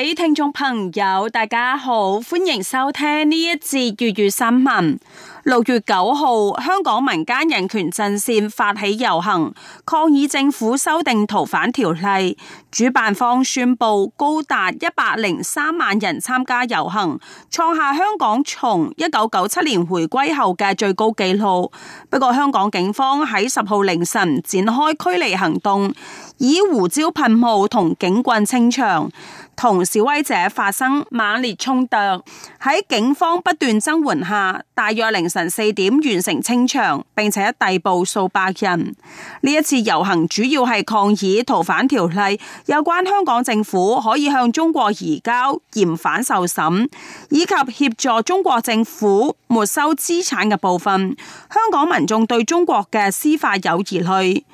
各位聽眾朋友，大家好，歡迎收聽呢一節粵語新聞。六月九號，香港民間人權陣線發起遊行，抗議政府修訂逃犯條例。主辦方宣布高達一百零三萬人參加遊行，創下香港從一九九七年回歸後嘅最高紀錄。不過，香港警方喺十號凌晨展開驅離行動。以胡椒噴霧同警棍清場，同示威者發生猛烈衝突。喺警方不斷增援下，大約凌晨四點完成清場，並且逮捕數百人。呢一次遊行主要係抗議逃犯條例，有關香港政府可以向中國移交嫌犯受審，以及協助中國政府沒收資產嘅部分。香港民眾對中國嘅司法有疑慮。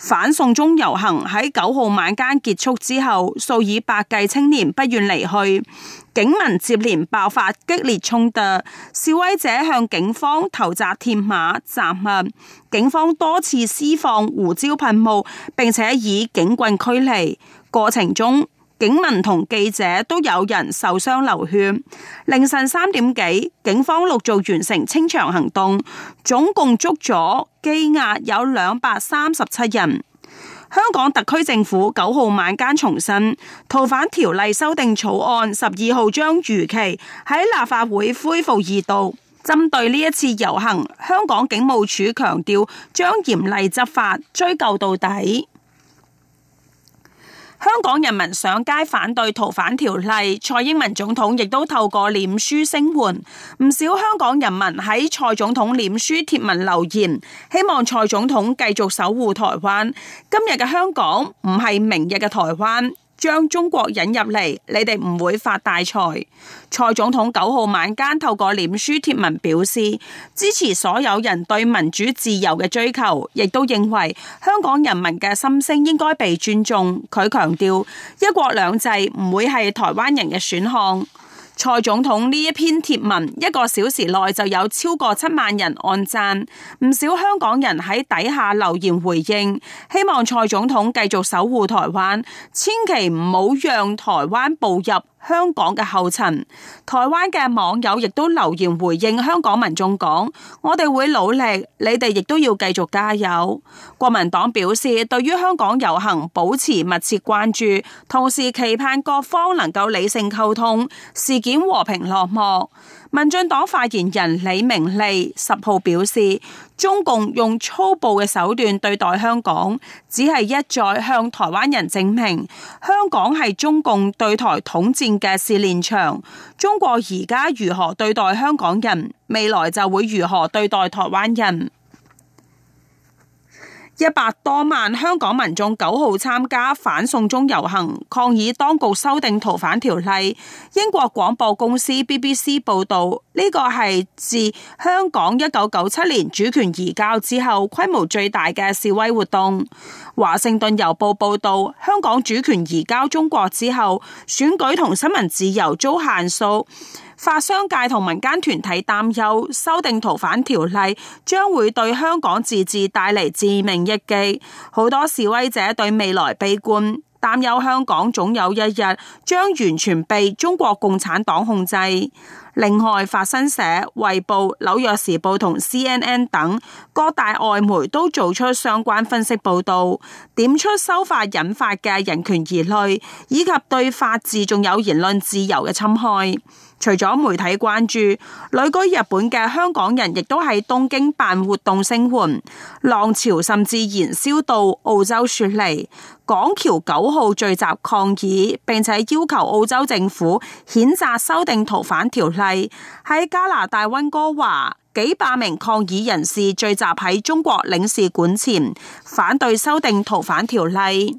反送中遊行喺九號晚間結束之後，數以百計青年不願離去，警民接連爆發激烈衝突，示威者向警方投擲鐵馬雜物，警方多次施放胡椒噴霧，並且以警棍驅離，過程中。警民同記者都有人受傷流血。凌晨三點幾，警方陸續完成清場行動，總共捉咗羈押有兩百三十七人。香港特區政府九號晚間重申，逃犯條例修訂草案十二號將如期喺立法會恢復二讀。針對呢一次遊行，香港警務處強調將嚴厲執法，追究到底。香港人民上街反對逃犯條例，蔡英文總統亦都透過臉書聲援，唔少香港人民喺蔡總統臉書貼文留言，希望蔡總統繼續守護台灣。今日嘅香港唔係明日嘅台灣。將中國引入嚟，你哋唔會發大財。蔡總統九號晚間透過臉書貼文表示，支持所有人對民主自由嘅追求，亦都認為香港人民嘅心聲應該被尊重。佢強調，一國兩制唔會係台灣人嘅選項。蔡總統呢一篇貼文，一個小時內就有超過七萬人按讚，唔少香港人喺底下留言回應，希望蔡總統繼續守護台灣，千祈唔好讓台灣步入香港嘅後塵，台灣嘅網友亦都留言回應香港民眾講：我哋會努力，你哋亦都要繼續加油。國民黨表示，對於香港遊行保持密切關注，同時期盼各方能夠理性溝通，事件和平落幕。民進黨發言人李明利十號表示，中共用粗暴嘅手段對待香港，只係一再向台灣人證明，香港係中共對台統戰嘅試煉場。中國而家如何對待香港人，未來就會如何對待台灣人。一百多萬香港民眾九號參加反送中遊行，抗議當局修訂逃犯條例。英國廣播公司 BBC 報道，呢個係自香港一九九七年主權移交之後規模最大嘅示威活動。華盛頓郵報報道，香港主權移交中國之後，選舉同新聞自由遭限數。法商界同民間團體擔憂修訂逃犯條例將會對香港自治帶嚟致命一擊，好多示威者對未來悲觀，擔憂香港總有一日將完全被中國共產黨控制。另外，法新社、衛報、紐約時報同 CNN 等各大外媒都做出相關分析報道，點出修法引發嘅人權疑慮，以及對法治仲有言論自由嘅侵害。除咗媒體關注，旅居日本嘅香港人亦都喺東京辦活動聲援，浪潮甚至燃燒到澳洲雪梨，港僑九號聚集抗議，並且要求澳洲政府譴責修訂逃犯條例。喺加拿大溫哥華，幾百名抗議人士聚集喺中國領事館前，反對修訂逃犯條例。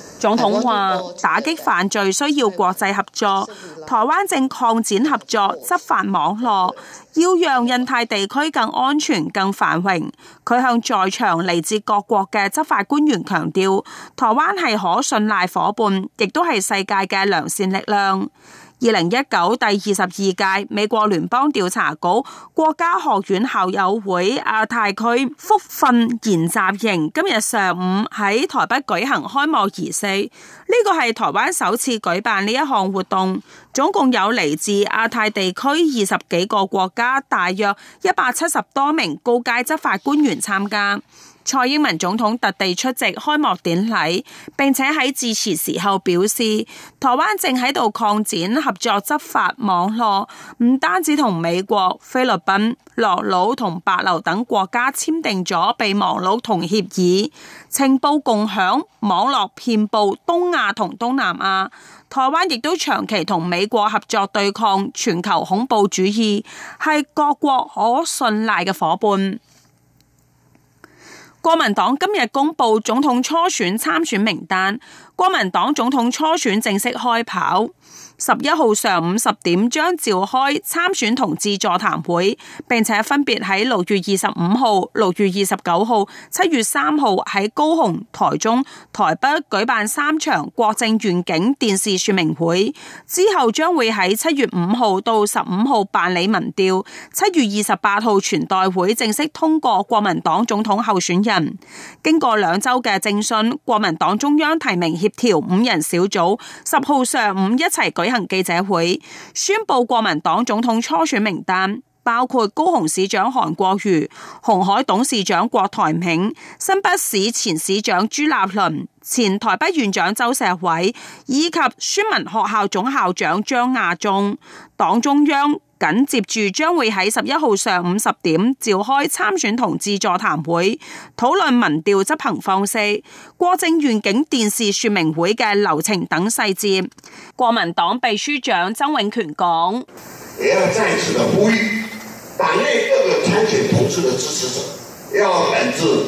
總統話：打擊犯罪需要國際合作，台灣正擴展合作執法網絡，要讓印太地區更安全、更繁榮。佢向在場嚟自各國嘅執法官員強調，台灣係可信賴夥伴，亦都係世界嘅良善力量。二零一九第二十二屆美國聯邦調查局國家學院校友會亞太區複訓研習營今日上午喺台北舉行開幕儀式，呢個係台灣首次舉辦呢一項活動，總共有嚟自亞太地區二十幾個國家，大約一百七十多名高階執法官員參加。蔡英文總統特地出席開幕典禮，並且喺致辭時候表示，台灣正喺度擴展合作執法網絡，唔單止同美國、菲律賓、諾魯同帛琉等國家簽訂咗備忘錄同協議，情報共享網絡遍佈東亞同東南亞。台灣亦都長期同美國合作對抗全球恐怖主義，係各國可信賴嘅夥伴。國民黨今日公布總統初選參選名單，國民黨總統初選正式開跑。十一號上午十點將召開參選同志座談會，並且分別喺六月二十五號、六月二十九號、七月三號喺高雄、台中、台北舉辦三場國政願景電視說明會。之後將會喺七月五號到十五號辦理民調，七月二十八號全代會正式通過國民黨總統候選人。經過兩週嘅政訊，國民黨中央提名協調五人小組，十號上午一齊舉行記者會宣布國民黨總統初選名單，包括高雄市長韓國瑜、鴻海董事長郭台銘、新北市前市長朱立倫、前台北縣長周錫瑋以及孫文學校總校長張亞中、黨中央。緊接住將會喺十一號上午十點召開參選同志座談會，討論民調執行方式、國政願景電視說明會嘅流程等細節。國民黨秘書長曾永權講：你要再次呼籲，黨內各個參選同志的支持者要本着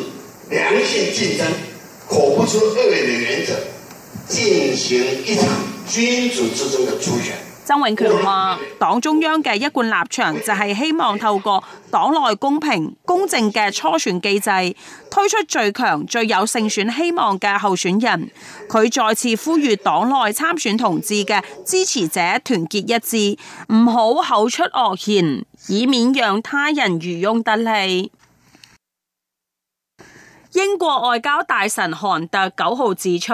良性競爭，可不知惡劣原則，進行一場君子之爭嘅初選。曾永權話，黨中央嘅一貫立場就係希望透過黨內公平、公正嘅初選機制，推出最強、最有勝選希望嘅候選人。佢再次呼籲黨內參選同志嘅支持者團結一致，唔好口出惡言，以免讓他人漁翁得利。英國外交大臣韓特九號指出，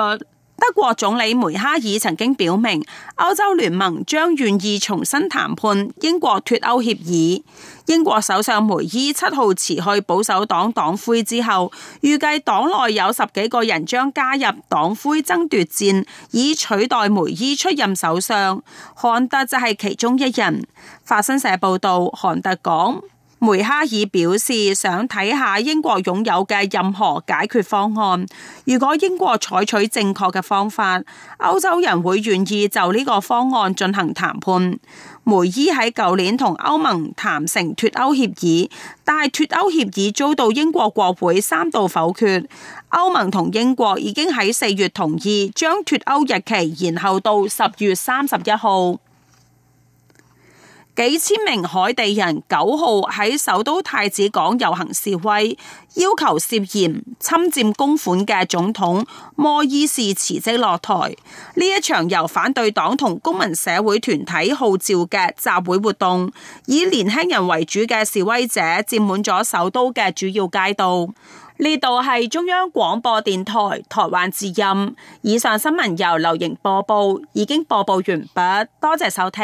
德國總理梅哈爾曾經表明，歐洲聯盟將願意重新談判英國脫歐協議。英國首相梅伊七號辭去保守黨黨魁之後，預計黨內有十幾個人將加入黨魁爭奪戰，以取代梅伊出任首相。韓德就係其中一人。法新社報道，韓特講。梅哈爾表示，想睇下英國擁有嘅任何解決方案。如果英國採取正確嘅方法，歐洲人會願意就呢個方案進行談判。梅伊喺舊年同歐盟談成脫歐協議，但係脫歐協議遭到英國國會三度否決。歐盟同英國已經喺四月同意將脫歐日期延後到十月三十一號。幾千名海地人九號喺首都太子港遊行示威，要求涉嫌侵占公款嘅總統摩依士辭職落台。呢一場由反對黨同公民社會團體號召嘅集會活動，以年輕人為主嘅示威者佔滿咗首都嘅主要街道。呢度係中央廣播電台台灣之音。以上新聞由劉瑩播報，已經播報完畢，多謝收聽。